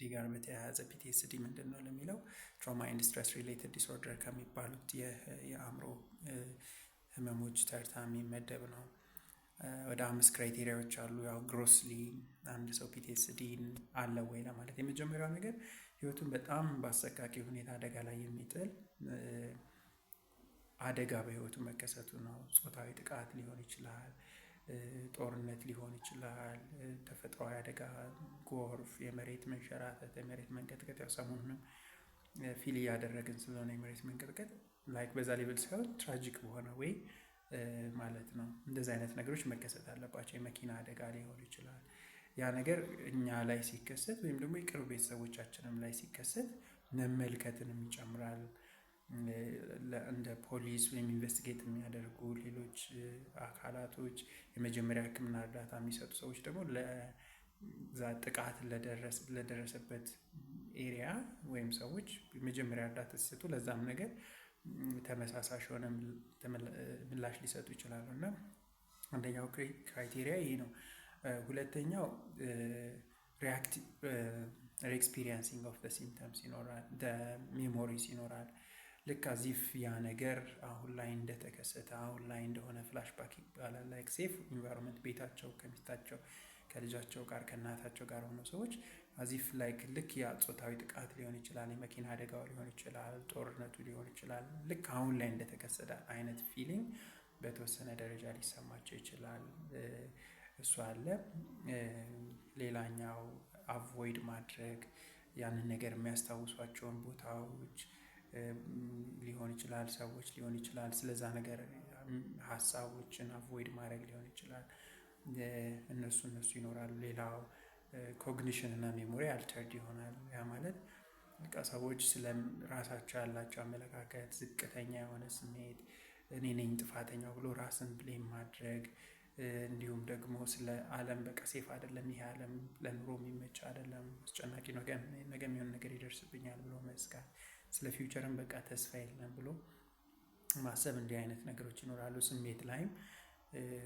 ዲ ጋር በተያያዘ ፒቲኤስዲ ምንድን ነው ለሚለው ትራማ ኤንድ ስትረስ ሪሌትድ ዲስኦርደር ከሚባሉት የአእምሮ ህመሞች ተርታ የሚመደብ ነው። ወደ አምስት ክራይቴሪያዎች አሉ። ያው ግሮስሊ አንድ ሰው ፒቲኤስዲን አለ ወይ ለማለት የመጀመሪያው ነገር ህይወቱን በጣም በአሰቃቂ ሁኔታ አደጋ ላይ የሚጥል አደጋ በህይወቱ መከሰቱ ነው። ጾታዊ ጥቃት ሊሆን ይችላል። ጦርነት ሊሆን ይችላል። ተፈጥሯዊ አደጋ፣ ጎርፍ፣ የመሬት መንሸራተት፣ የመሬት መንቀጥቀጥ ያው ሰሞኑንም ፊል እያደረግን ስለሆነ የመሬት መንቀጥቀጥ ላይክ በዛ ሌቭል ሳይሆን ትራጂክ በሆነ ወይ ማለት ነው። እንደዚ አይነት ነገሮች መከሰት አለባቸው። የመኪና አደጋ ሊሆን ይችላል። ያ ነገር እኛ ላይ ሲከሰት ወይም ደግሞ የቅርብ ቤተሰቦቻችንም ላይ ሲከሰት መመልከትንም ይጨምራል። እንደ ፖሊስ ወይም ኢንቨስቲጌት የሚያደርጉ ሌሎች አካላቶች የመጀመሪያ ሕክምና እርዳታ የሚሰጡ ሰዎች ደግሞ ለዛ ጥቃት ለደረሰበት ኤሪያ ወይም ሰዎች የመጀመሪያ እርዳታ ሲሰጡ ለዛም ነገር ተመሳሳሽ የሆነ ምላሽ ሊሰጡ ይችላሉ እና አንደኛው ክራይቴሪያ ይህ ነው። ሁለተኛው ሪኤክስፒሪየንሲንግ ኦፍ ሲምፕተምስ ይኖራል፣ ሜሞሪስ ይኖራል። ልክ አዚፍ ያ ነገር አሁን ላይ እንደተከሰተ አሁን ላይ እንደሆነ ፍላሽባክ ይባላል። ላይክ ሴፍ ኢንቫይሮንመንት ቤታቸው ከሚስታቸው ከልጃቸው ጋር ከእናታቸው ጋር ሆነው ሰዎች አዚፍ ላይክ ልክ ያ ጾታዊ ጥቃት ሊሆን ይችላል፣ የመኪና አደጋው ሊሆን ይችላል፣ ጦርነቱ ሊሆን ይችላል። ልክ አሁን ላይ እንደተከሰተ አይነት ፊሊንግ በተወሰነ ደረጃ ሊሰማቸው ይችላል። እሱ አለ። ሌላኛው አቮይድ ማድረግ ያንን ነገር የሚያስታውሷቸውን ቦታዎች ሊሆን ይችላል፣ ሰዎች ሊሆን ይችላል። ስለዛ ነገር ሀሳቦችን አቮይድ ማድረግ ሊሆን ይችላል። እነሱ እነሱ ይኖራሉ። ሌላው ኮግኒሽን እና ሜሞሪ አልተርድ ይሆናል። ያ ማለት በቃ ሰዎች ስለ ራሳቸው ያላቸው አመለካከት፣ ዝቅተኛ የሆነ ስሜት፣ እኔ ነኝ ጥፋተኛው ብሎ ራስን ብሌም ማድረግ እንዲሁም ደግሞ ስለ ዓለም በቃ ሴፍ አይደለም፣ ይሄ ዓለም ለኑሮ የሚመች አይደለም፣ አስጨናቂ ነገ የሚሆን ነገር ይደርስብኛል ብሎ መስጋት ስለ ፊውቸርን በቃ ተስፋ የለም ብሎ ማሰብ እንዲህ አይነት ነገሮች ይኖራሉ። ስሜት ላይም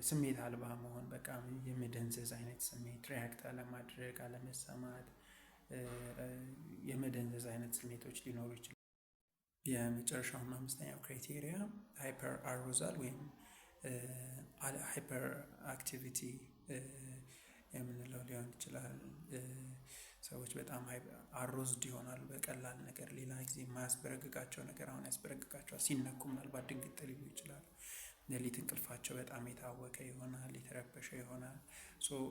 ስሜት አልባ መሆን በቃ የመደንዘዝ አይነት ስሜት፣ ሪያክት አለማድረግ፣ አለመሰማት፣ የመደንዘዝ አይነት ስሜቶች ሊኖሩ ይችላሉ። የመጨረሻው አምስተኛው ክራይቴሪያ ሃይፐር አሮዛል ወይም ሃይፐር አክቲቪቲ የምንለው ሊሆን ይችላል። ሰዎች በጣም አሮዝድ ይሆናሉ። በቀላል ነገር ሌላ ጊዜ የማያስበረግጋቸው ነገር አሁን ያስበረግጋቸዋል። ሲነኩ ምናልባት ድንግጥ ሊሉ ይችላሉ። ሌሊት እንቅልፋቸው በጣም የታወቀ ይሆናል፣ የተረበሸ ይሆናል።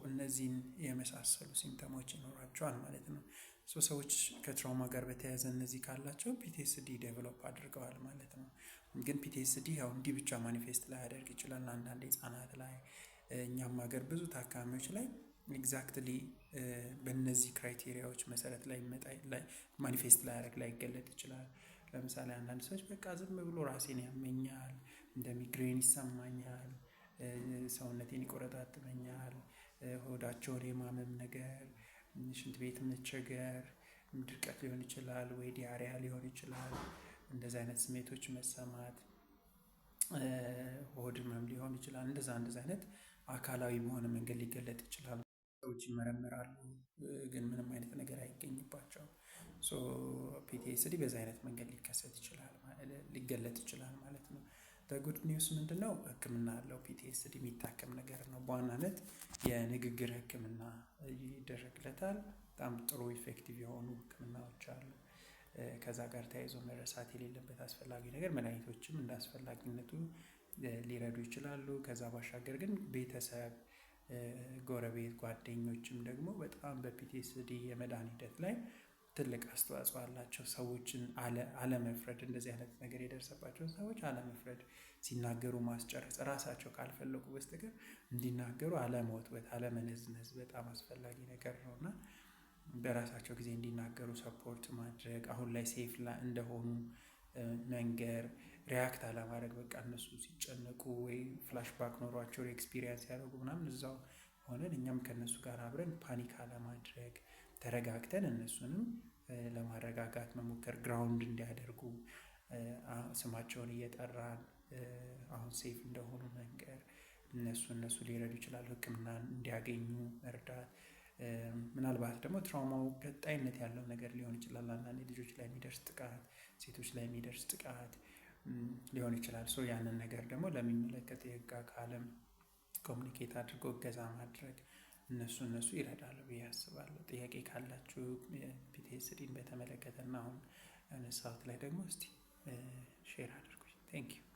እነዚህን የመሳሰሉ ሲምተሞች ይኖራቸዋል ማለት ነው። ሰዎች ከትራውማ ጋር በተያያዘ እነዚህ ካላቸው ፒቴስዲ ዴቨሎፕ አድርገዋል ማለት ነው። ግን ፒቴስዲ ያው እንዲህ ብቻ ማኒፌስት ላይ ያደርግ ይችላል። አንዳንድ ህጻናት ላይ እኛም ሀገር ብዙ ታካሚዎች ላይ ኤግዛክትሊ uh, በእነዚህ ክራይቴሪያዎች መሰረት ላይ ማኒፌስት ላያደርግ ላይገለጥ ይችላል። ለምሳሌ አንዳንድ ሰዎች በቃ ዝም ብሎ ራሴን ያመኛል፣ እንደ ሚግሬን ይሰማኛል፣ ሰውነቴን ይቆረጣጥመኛል፣ ሆዳቸውን የማመም ነገር፣ ሽንት ቤት መቸገር፣ ድርቀት ሊሆን ይችላል ወይ ዲያሪያ ሊሆን ይችላል። እንደዚህ አይነት ስሜቶች መሰማት ሆድ ህመም ሊሆን ይችላል። እንደዛ እንደዚ አይነት አካላዊ በሆነ መንገድ ሊገለጥ ይችላል። ሰዎች ይመረመራሉ፣ ግን ምንም አይነት ነገር አይገኝባቸውም። ፒቲኤስዲ በዚህ አይነት መንገድ ሊከሰት ይችላል፣ ሊገለጥ ይችላል ማለት ነው። በጉድ ኒውስ ምንድነው? ህክምና አለው። ፒቲኤስዲ የሚታከም ነገር ነው። በዋናነት የንግግር ህክምና ይደረግለታል። በጣም ጥሩ ኢፌክቲቭ የሆኑ ህክምናዎች አሉ። ከዛ ጋር ተያይዞ መረሳት የሌለበት አስፈላጊ ነገር መድኃኒቶችም እንደ አስፈላጊነቱ ሊረዱ ይችላሉ። ከዛ ባሻገር ግን ቤተሰብ ጎረቤት ጓደኞችም ደግሞ በጣም በፒቲኤስዲ የመዳን ሂደት ላይ ትልቅ አስተዋጽኦ አላቸው። ሰዎችን አለመፍረድ፣ እንደዚህ አይነት ነገር የደረሰባቸውን ሰዎች አለመፍረድ፣ ሲናገሩ ማስጨረስ፣ እራሳቸው ካልፈለጉ በስተቀር እንዲናገሩ አለመወትወት፣ አለመነዝነዝ በጣም አስፈላጊ ነገር ነው እና በራሳቸው ጊዜ እንዲናገሩ ሰፖርት ማድረግ አሁን ላይ ሴፍ እንደሆኑ መንገር ሪያክት አለማድረግ በቃ እነሱ ሲጨነቁ ወይ ፍላሽባክ ኖሯቸው ኤክስፒሪየንስ ያደረጉ ምናምን እዛው ሆነን እኛም ከእነሱ ጋር አብረን ፓኒክ አለማድረግ ተረጋግተን እነሱንም ለማረጋጋት መሞከር ግራውንድ እንዲያደርጉ ስማቸውን እየጠራን አሁን ሴፍ እንደሆኑ መንገር እነሱ እነሱ ሊረዱ ይችላሉ ህክምና እንዲያገኙ መርዳት ምናልባት ደግሞ ትራውማው ቀጣይነት ያለው ነገር ሊሆን ይችላል። አንዳንድ ልጆች ላይ የሚደርስ ጥቃት፣ ሴቶች ላይ የሚደርስ ጥቃት ሊሆን ይችላል። ሶ ያንን ነገር ደግሞ ለሚመለከት የህግ አካልም ኮሚኒኬት አድርጎ እገዛ ማድረግ እነሱ እነሱ ይረዳሉ ብዬ አስባለሁ። ጥያቄ ካላችሁ ፒቲኤስዲን በተመለከተና አሁን ሳውት ላይ ደግሞ እስቲ ሼር አድርጉኝ። ቴንክ ዩ